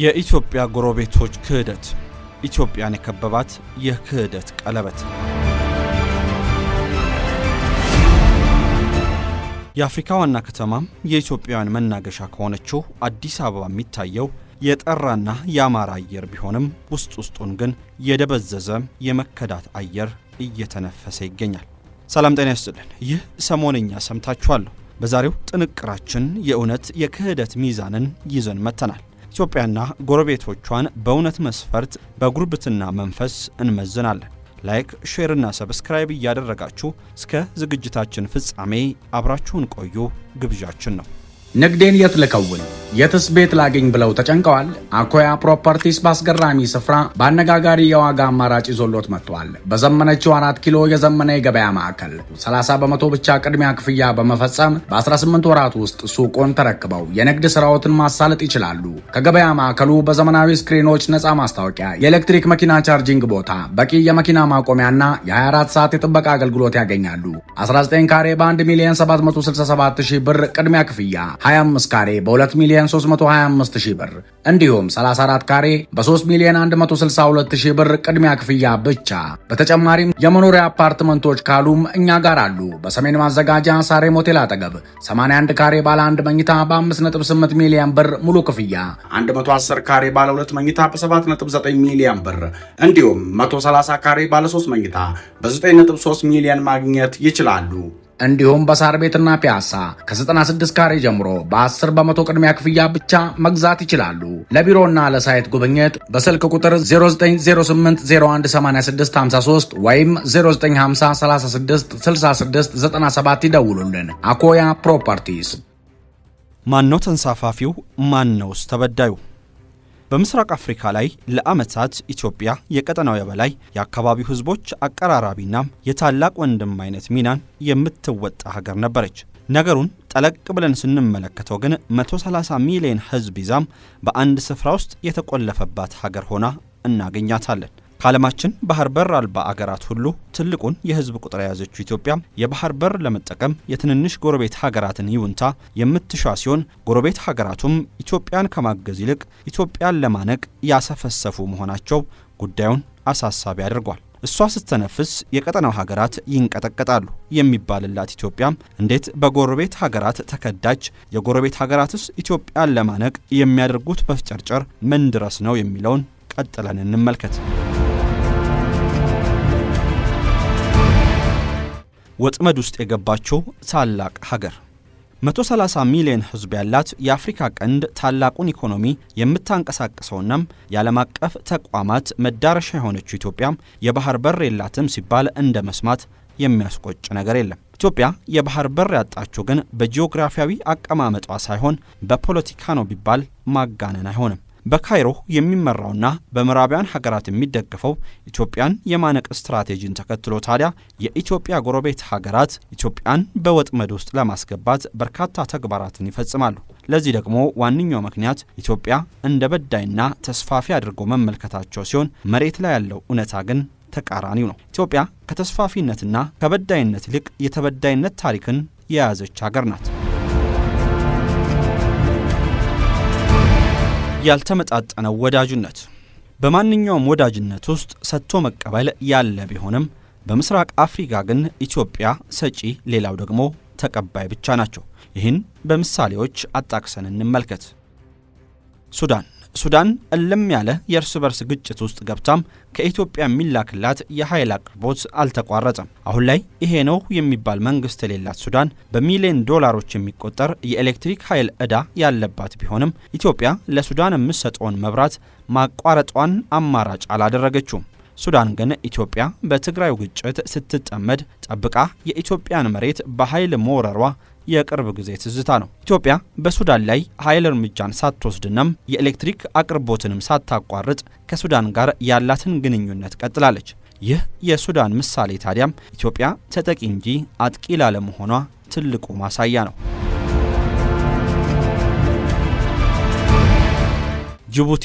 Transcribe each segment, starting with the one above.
የኢትዮጵያ ጎረቤቶች ክህደት፣ ኢትዮጵያን የከበባት የክህደት ቀለበት። የአፍሪካ ዋና ከተማም የኢትዮጵያውያን መናገሻ ከሆነችው አዲስ አበባ የሚታየው የጠራና የአማራ አየር ቢሆንም ውስጥ ውስጡን ግን የደበዘዘ የመከዳት አየር እየተነፈሰ ይገኛል። ሰላም ጤና ይስጥልን። ይህ ሰሞንኛ ሰምታችኋለሁ። በዛሬው ጥንቅራችን የእውነት የክህደት ሚዛንን ይዘን መጥተናል። ኢትዮጵያና ጎረቤቶቿን በእውነት መስፈርት በጉርብትና መንፈስ እንመዝናለን። ላይክ፣ ሼርና ሰብስክራይብ እያደረጋችሁ እስከ ዝግጅታችን ፍጻሜ አብራችሁን ቆዩ ግብዣችን ነው። ንግዴን የት ልከውን የትስ ቤት ላገኝ ብለው ተጨንቀዋል? አኮያ ፕሮፐርቲስ በአስገራሚ ስፍራ በአነጋጋሪ የዋጋ አማራጭ ይዞሎት መጥቷል። በዘመነችው አራት ኪሎ የዘመነ የገበያ ማዕከል 30 በመቶ ብቻ ቅድሚያ ክፍያ በመፈጸም በ18 ወራት ውስጥ ሱቆን ተረክበው የንግድ ስራዎትን ማሳለጥ ይችላሉ። ከገበያ ማዕከሉ በዘመናዊ ስክሪኖች፣ ነፃ ማስታወቂያ፣ የኤሌክትሪክ መኪና ቻርጂንግ ቦታ፣ በቂ የመኪና ማቆሚያና የ24 ሰዓት የጥበቃ አገልግሎት ያገኛሉ። 19 ካሬ በ1 ሚሊዮን 767 ሺህ ብር ቅድሚያ ክፍያ 25 ካሬ በ2 ሚሊዮን 325 ሺህ ብር እንዲሁም 34 ካሬ በ3 ሚሊዮን 162 ሺህ ብር ቅድሚያ ክፍያ ብቻ። በተጨማሪም የመኖሪያ አፓርትመንቶች ካሉም እኛ ጋር አሉ። በሰሜን ማዘጋጃ ሳሬ ሞቴል አጠገብ 81 ካሬ ባለ 1 መኝታ በ5.8 ሚሊዮን ብር ሙሉ ክፍያ፣ 110 ካሬ ባለ 2 መኝታ በ7.9 ሚሊዮን ብር እንዲሁም 130 ካሬ ባለ 3 መኝታ በ9.3 ሚሊዮን ማግኘት ይችላሉ። እንዲሁም በሳር ቤትና ፒያሳ ከ96 ካሬ ጀምሮ በ10 በመቶ ቅድሚያ ክፍያ ብቻ መግዛት ይችላሉ። ለቢሮና ለሳይት ጉብኝት በስልክ ቁጥር 0908018653 ወይም 0950366697 ይደውሉልን። አኮያ ፕሮፐርቲስ። ማን ነው ተንሳፋፊው? ማን ነውስ ተበዳዩ? በምስራቅ አፍሪካ ላይ ለዓመታት ኢትዮጵያ የቀጠናው የበላይ የአካባቢው ህዝቦች አቀራራቢና የታላቅ ወንድም አይነት ሚናን የምትወጣ ሀገር ነበረች። ነገሩን ጠለቅ ብለን ስንመለከተው ግን 130 ሚሊዮን ህዝብ ይዛም በአንድ ስፍራ ውስጥ የተቆለፈባት ሀገር ሆና እናገኛታለን። ከዓለማችን ባህር በር አልባ አገራት ሁሉ ትልቁን የህዝብ ቁጥር የያዘችው ኢትዮጵያ የባህር በር ለመጠቀም የትንንሽ ጎረቤት ሀገራትን ይውንታ የምትሻ ሲሆን ጎረቤት ሀገራቱም ኢትዮጵያን ከማገዝ ይልቅ ኢትዮጵያን ለማነቅ ያሰፈሰፉ መሆናቸው ጉዳዩን አሳሳቢ አድርጓል። እሷ ስትተነፍስ የቀጠናው ሀገራት ይንቀጠቀጣሉ የሚባልላት ኢትዮጵያም እንዴት በጎረቤት ሀገራት ተከዳች? የጎረቤት ሀገራትስ ኢትዮጵያን ለማነቅ የሚያደርጉት መፍጨርጨር ምን ድረስ ነው የሚለውን ቀጥለን እንመልከት። ወጥመድ ውስጥ የገባችው ታላቅ ሀገር 130 ሚሊዮን ሕዝብ ያላት የአፍሪካ ቀንድ ታላቁን ኢኮኖሚ የምታንቀሳቅሰውናም የዓለም አቀፍ ተቋማት መዳረሻ የሆነችው ኢትዮጵያ የባህር በር የላትም ሲባል እንደ መስማት የሚያስቆጭ ነገር የለም። ኢትዮጵያ የባህር በር ያጣችው ግን በጂኦግራፊያዊ አቀማመጧ ሳይሆን በፖለቲካ ነው ቢባል ማጋነን አይሆንም። በካይሮ የሚመራውና በምዕራባውያን ሀገራት የሚደገፈው ኢትዮጵያን የማነቅ ስትራቴጂን ተከትሎ ታዲያ የኢትዮጵያ ጎረቤት ሀገራት ኢትዮጵያን በወጥመድ ውስጥ ለማስገባት በርካታ ተግባራትን ይፈጽማሉ። ለዚህ ደግሞ ዋነኛው ምክንያት ኢትዮጵያ እንደ በዳይና ተስፋፊ አድርጎ መመልከታቸው ሲሆን መሬት ላይ ያለው እውነታ ግን ተቃራኒው ነው። ኢትዮጵያ ከተስፋፊነትና ከበዳይነት ይልቅ የተበዳይነት ታሪክን የያዘች ሀገር ናት። ያልተመጣጠነው ወዳጅነት በማንኛውም ወዳጅነት ውስጥ ሰጥቶ መቀበል ያለ ቢሆንም በምስራቅ አፍሪካ ግን ኢትዮጵያ ሰጪ፣ ሌላው ደግሞ ተቀባይ ብቻ ናቸው። ይህን በምሳሌዎች አጣቅሰን እንመልከት። ሱዳን ሱዳን እልም ያለ የእርስ በርስ ግጭት ውስጥ ገብታም ከኢትዮጵያ የሚላክላት የኃይል አቅርቦት አልተቋረጠም። አሁን ላይ ይሄ ነው የሚባል መንግስት የሌላት ሱዳን በሚሊዮን ዶላሮች የሚቆጠር የኤሌክትሪክ ኃይል ዕዳ ያለባት ቢሆንም ኢትዮጵያ ለሱዳን የምትሰጠውን መብራት ማቋረጧን አማራጭ አላደረገችውም። ሱዳን ግን ኢትዮጵያ በትግራዩ ግጭት ስትጠመድ ጠብቃ የኢትዮጵያን መሬት በኃይል መውረሯ የቅርብ ጊዜ ትዝታ ነው። ኢትዮጵያ በሱዳን ላይ ኃይል እርምጃን ሳትወስድናም የኤሌክትሪክ አቅርቦትንም ሳታቋርጥ ከሱዳን ጋር ያላትን ግንኙነት ቀጥላለች። ይህ የሱዳን ምሳሌ ታዲያም ኢትዮጵያ ተጠቂ እንጂ አጥቂ ላለመሆኗ ትልቁ ማሳያ ነው። ጅቡቲ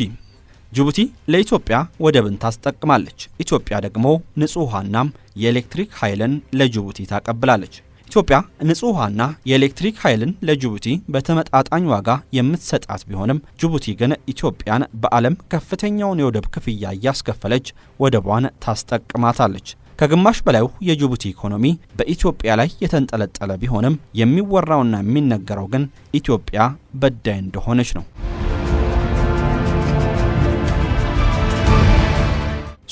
ጅቡቲ ለኢትዮጵያ ወደብን ታስጠቅማለች። ኢትዮጵያ ደግሞ ንጹሕ ውሃናም የኤሌክትሪክ ኃይልን ለጅቡቲ ታቀብላለች። ኢትዮጵያ ንጹህ ውሃና የኤሌክትሪክ ኃይልን ለጅቡቲ በተመጣጣኝ ዋጋ የምትሰጣት ቢሆንም ጅቡቲ ግን ኢትዮጵያን በዓለም ከፍተኛውን የወደብ ክፍያ እያስከፈለች ወደቧን ታስጠቅማታለች። ከግማሽ በላዩ የጅቡቲ ኢኮኖሚ በኢትዮጵያ ላይ የተንጠለጠለ ቢሆንም የሚወራውና የሚነገረው ግን ኢትዮጵያ በዳይ እንደሆነች ነው።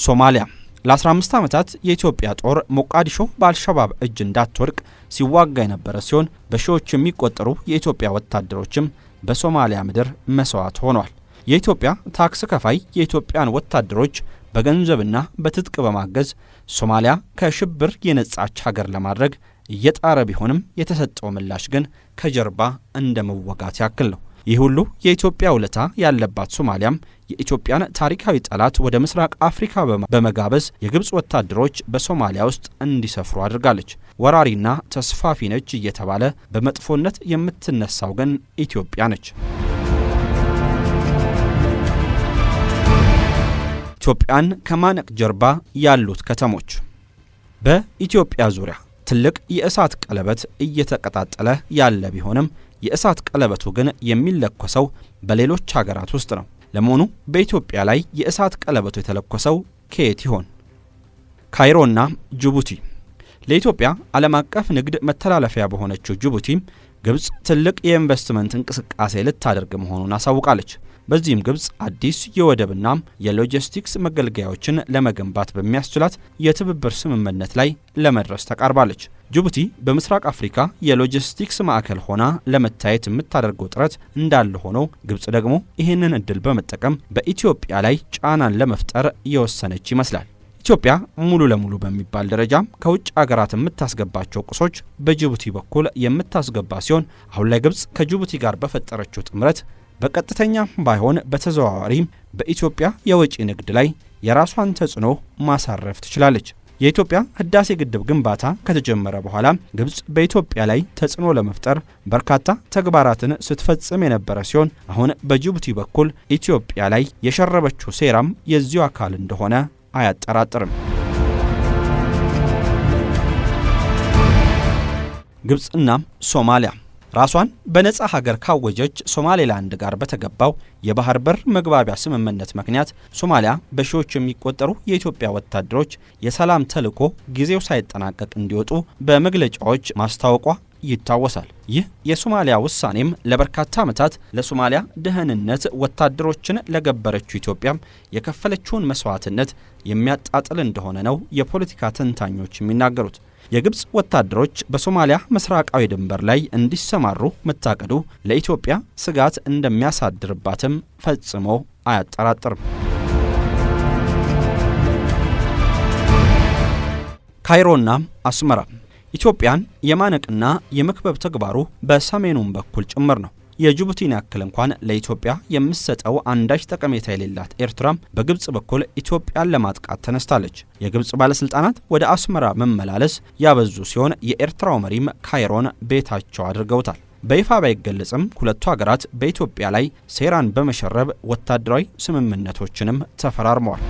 ሶማሊያ ለ15 ዓመታት የኢትዮጵያ ጦር ሞቃዲሾ በአልሸባብ እጅ እንዳትወድቅ ሲዋጋ የነበረ ሲሆን በሺዎች የሚቆጠሩ የኢትዮጵያ ወታደሮችም በሶማሊያ ምድር መስዋዕት ሆኗል። የኢትዮጵያ ታክስ ከፋይ የኢትዮጵያን ወታደሮች በገንዘብና በትጥቅ በማገዝ ሶማሊያ ከሽብር የነጻች ሀገር ለማድረግ እየጣረ ቢሆንም የተሰጠው ምላሽ ግን ከጀርባ እንደ መወጋት ያክል ነው። ይህ ሁሉ የኢትዮጵያ ውለታ ያለባት ሶማሊያም የኢትዮጵያን ታሪካዊ ጠላት ወደ ምስራቅ አፍሪካ በመጋበዝ የግብፅ ወታደሮች በሶማሊያ ውስጥ እንዲሰፍሩ አድርጋለች። ወራሪና ተስፋፊ ነች እየተባለ በመጥፎነት የምትነሳው ግን ኢትዮጵያ ነች። ኢትዮጵያን ከማነቅ ጀርባ ያሉት ከተሞች በኢትዮጵያ ዙሪያ ትልቅ የእሳት ቀለበት እየተቀጣጠለ ያለ ቢሆንም የእሳት ቀለበቱ ግን የሚለኮሰው በሌሎች ሀገራት ውስጥ ነው። ለመሆኑ በኢትዮጵያ ላይ የእሳት ቀለበቱ የተለኮሰው ከየት ይሆን? ካይሮና ጅቡቲ። ለኢትዮጵያ ዓለም አቀፍ ንግድ መተላለፊያ በሆነችው ጅቡቲ ግብፅ ትልቅ የኢንቨስትመንት እንቅስቃሴ ልታደርግ መሆኑን አሳውቃለች። በዚህም ግብፅ አዲስ የወደብና የሎጂስቲክስ መገልገያዎችን ለመገንባት በሚያስችላት የትብብር ስምምነት ላይ ለመድረስ ተቃርባለች። ጅቡቲ በምስራቅ አፍሪካ የሎጂስቲክስ ማዕከል ሆና ለመታየት የምታደርገው ጥረት እንዳለ ሆነው ግብጽ ደግሞ ይህንን እድል በመጠቀም በኢትዮጵያ ላይ ጫናን ለመፍጠር የወሰነች ይመስላል። ኢትዮጵያ ሙሉ ለሙሉ በሚባል ደረጃም ከውጭ አገራት የምታስገባቸው ቁሶች በጅቡቲ በኩል የምታስገባ ሲሆን አሁን ላይ ግብጽ ከጅቡቲ ጋር በፈጠረችው ጥምረት በቀጥተኛ ባይሆን በተዘዋዋሪም በኢትዮጵያ የወጪ ንግድ ላይ የራሷን ተጽዕኖ ማሳረፍ ትችላለች። የኢትዮጵያ ህዳሴ ግድብ ግንባታ ከተጀመረ በኋላ ግብጽ በኢትዮጵያ ላይ ተጽዕኖ ለመፍጠር በርካታ ተግባራትን ስትፈጽም የነበረ ሲሆን አሁን በጅቡቲ በኩል ኢትዮጵያ ላይ የሸረበችው ሴራም የዚሁ አካል እንደሆነ አያጠራጥርም። ግብጽና ሶማሊያ ራሷን በነጻ ሀገር ካወጀች ሶማሌላንድ ጋር በተገባው የባህር በር መግባቢያ ስምምነት ምክንያት ሶማሊያ በሺዎች የሚቆጠሩ የኢትዮጵያ ወታደሮች የሰላም ተልዕኮ ጊዜው ሳይጠናቀቅ እንዲወጡ በመግለጫዎች ማስታወቋ ይታወሳል። ይህ የሶማሊያ ውሳኔም ለበርካታ ዓመታት ለሶማሊያ ደህንነት ወታደሮችን ለገበረችው ኢትዮጵያም የከፈለችውን መስዋዕትነት የሚያጣጥል እንደሆነ ነው የፖለቲካ ተንታኞች የሚናገሩት። የግብፅ ወታደሮች በሶማሊያ ምስራቃዊ ድንበር ላይ እንዲሰማሩ መታቀዱ ለኢትዮጵያ ስጋት እንደሚያሳድርባትም ፈጽሞ አያጠራጥርም። ካይሮና አስመራ ኢትዮጵያን የማነቅና የመክበብ ተግባሩ በሰሜኑም በኩል ጭምር ነው። የጅቡቲን ያክል እንኳን ለኢትዮጵያ የምትሰጠው አንዳች ጠቀሜታ የሌላት ኤርትራም በግብጽ በኩል ኢትዮጵያን ለማጥቃት ተነስታለች። የግብጽ ባለስልጣናት ወደ አስመራ መመላለስ ያበዙ ሲሆን የኤርትራው መሪም ካይሮን ቤታቸው አድርገውታል። በይፋ ባይገለጽም ሁለቱ ሀገራት በኢትዮጵያ ላይ ሴራን በመሸረብ ወታደራዊ ስምምነቶችንም ተፈራርመዋል።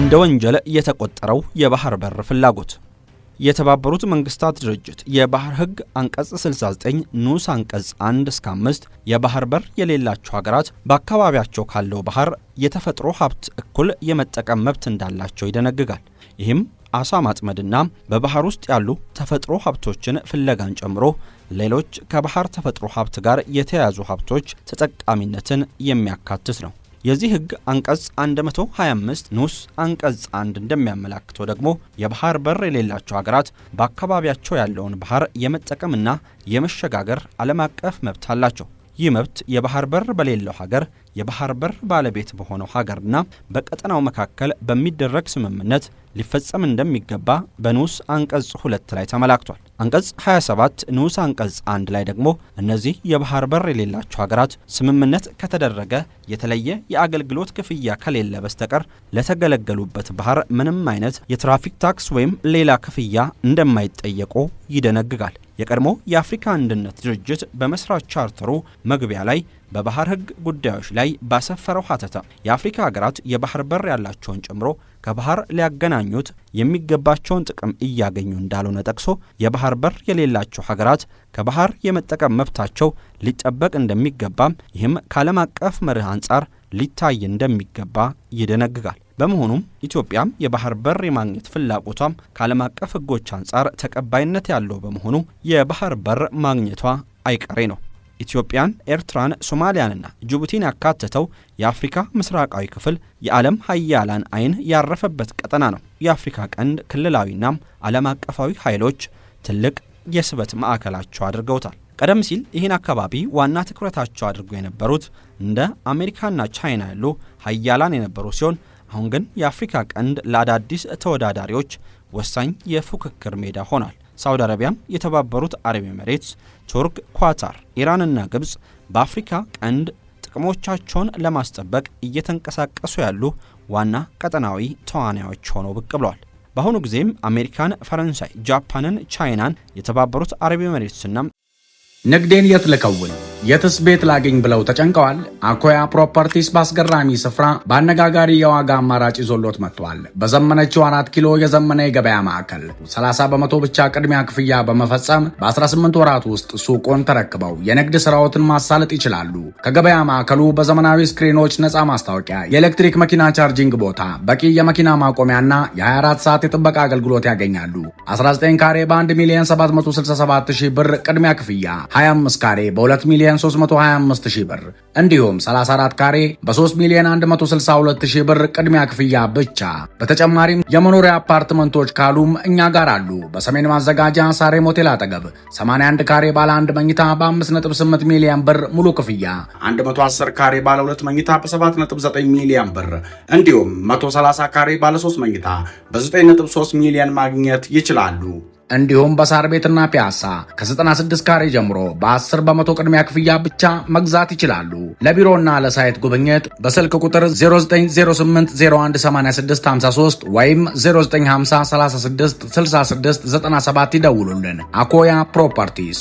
እንደ ወንጀል የተቆጠረው የባህር በር ፍላጎት የተባበሩት መንግስታት ድርጅት የባህር ህግ አንቀጽ 69 ንዑስ አንቀጽ 1 እስከ 5 የባህር በር የሌላቸው ሀገራት በአካባቢያቸው ካለው ባህር የተፈጥሮ ሀብት እኩል የመጠቀም መብት እንዳላቸው ይደነግጋል። ይህም አሳ ማጥመድና በባህር ውስጥ ያሉ ተፈጥሮ ሀብቶችን ፍለጋን ጨምሮ ሌሎች ከባህር ተፈጥሮ ሀብት ጋር የተያያዙ ሀብቶች ተጠቃሚነትን የሚያካትት ነው። የዚህ ህግ አንቀጽ 125 ንዑስ አንቀጽ 1 እንደሚያመላክተው ደግሞ የባህር በር የሌላቸው ሀገራት በአካባቢያቸው ያለውን ባህር የመጠቀምና የመሸጋገር ዓለም አቀፍ መብት አላቸው። ይህ መብት የባህር በር በሌለው ሀገር የባህር በር ባለቤት በሆነው ሀገርና በቀጠናው መካከል በሚደረግ ስምምነት ሊፈጸም እንደሚገባ በንዑስ አንቀጽ ሁለት ላይ ተመላክቷል። አንቀጽ 27 ንዑስ አንቀጽ አንድ ላይ ደግሞ እነዚህ የባህር በር የሌላቸው ሀገራት ስምምነት ከተደረገ የተለየ የአገልግሎት ክፍያ ከሌለ በስተቀር ለተገለገሉበት ባህር ምንም አይነት የትራፊክ ታክስ ወይም ሌላ ክፍያ እንደማይጠየቁ ይደነግጋል። የቀድሞ የአፍሪካ አንድነት ድርጅት በመስራት ቻርተሩ መግቢያ ላይ በባህር ሕግ ጉዳዮች ላይ ባሰፈረው ሀተታ የአፍሪካ ሀገራት የባህር በር ያላቸውን ጨምሮ ከባህር ሊያገናኙት የሚገባቸውን ጥቅም እያገኙ እንዳልሆነ ጠቅሶ የባህር በር የሌላቸው ሀገራት ከባህር የመጠቀም መብታቸው ሊጠበቅ እንደሚገባም ይህም ከዓለም አቀፍ መርህ አንጻር ሊታይ እንደሚገባ ይደነግጋል። በመሆኑም ኢትዮጵያም የባህር በር የማግኘት ፍላጎቷም ከዓለም አቀፍ ሕጎች አንጻር ተቀባይነት ያለው በመሆኑ የባህር በር ማግኘቷ አይቀሬ ነው። ኢትዮጵያን፣ ኤርትራን፣ ሶማሊያንና ጅቡቲን ያካተተው የአፍሪካ ምስራቃዊ ክፍል የዓለም ሀያላን አይን ያረፈበት ቀጠና ነው። የአፍሪካ ቀንድ ክልላዊና ዓለም አቀፋዊ ኃይሎች ትልቅ የስበት ማዕከላቸው አድርገውታል። ቀደም ሲል ይህን አካባቢ ዋና ትኩረታቸው አድርገው የነበሩት እንደ አሜሪካና ቻይና ያሉ ሀያላን የነበሩ ሲሆን አሁን ግን የአፍሪካ ቀንድ ለአዳዲስ ተወዳዳሪዎች ወሳኝ የፉክክር ሜዳ ሆኗል። ሳውዲ አረቢያም፣ የተባበሩት አረብ ኤሜሬትስ፣ ቱርክ፣ ኳታር፣ ኢራንና ግብፅ በአፍሪካ ቀንድ ጥቅሞቻቸውን ለማስጠበቅ እየተንቀሳቀሱ ያሉ ዋና ቀጠናዊ ተዋናዮች ሆነው ብቅ ብለዋል። በአሁኑ ጊዜም አሜሪካን፣ ፈረንሳይ፣ ጃፓንን፣ ቻይናን፣ የተባበሩት አረብ ኤሜሬትስና ንግዴን የት ልከውን የትስ ቤት ላግኝ ብለው ተጨንቀዋል? አኮያ ፕሮፐርቲስ በአስገራሚ ስፍራ በአነጋጋሪ የዋጋ አማራጭ ይዞሎት መጥቷል። በዘመነችው አራት ኪሎ የዘመነ የገበያ ማዕከል 30 በመቶ ብቻ ቅድሚያ ክፍያ በመፈጸም በ18 ወራት ውስጥ ሱቁን ተረክበው የንግድ ስራዎትን ማሳለጥ ይችላሉ። ከገበያ ማዕከሉ በዘመናዊ ስክሪኖች፣ ነፃ ማስታወቂያ፣ የኤሌክትሪክ መኪና ቻርጂንግ ቦታ፣ በቂ የመኪና ማቆሚያና የ24 ሰዓት የጥበቃ አገልግሎት ያገኛሉ። 19 ካሬ በ1 ሚሊዮን 767 ሺህ ብር ቅድሚያ ክፍያ፣ 25 ካሬ በ2 ሚሊዮን ሚሊዮን 325 ሺህ ብር እንዲሁም 34 ካሬ በ3 ሚሊዮን 162 ሺህ ብር ቅድሚያ ክፍያ ብቻ። በተጨማሪም የመኖሪያ አፓርትመንቶች ካሉም እኛ ጋር አሉ። በሰሜን ማዘጋጃ ሳሬ ሞቴል አጠገብ 81 ካሬ ባለ አንድ መኝታ በ5.8 ሚሊዮን ብር ሙሉ ክፍያ፣ 110 ካሬ ባለ 2 መኝታ በ7.9 ሚሊዮን ብር እንዲሁም 130 ካሬ ባለ 3 መኝታ በ9.3 ሚሊዮን ማግኘት ይችላሉ። እንዲሁም በሳር ቤትና ፒያሳ ከ96 ካሬ ጀምሮ በ10 በመቶ ቅድሚያ ክፍያ ብቻ መግዛት ይችላሉ። ለቢሮና ለሳይት ጉብኝት በስልክ ቁጥር 0908018653 ወይም 0950366697 ይደውሉልን። አኮያ ፕሮፐርቲስ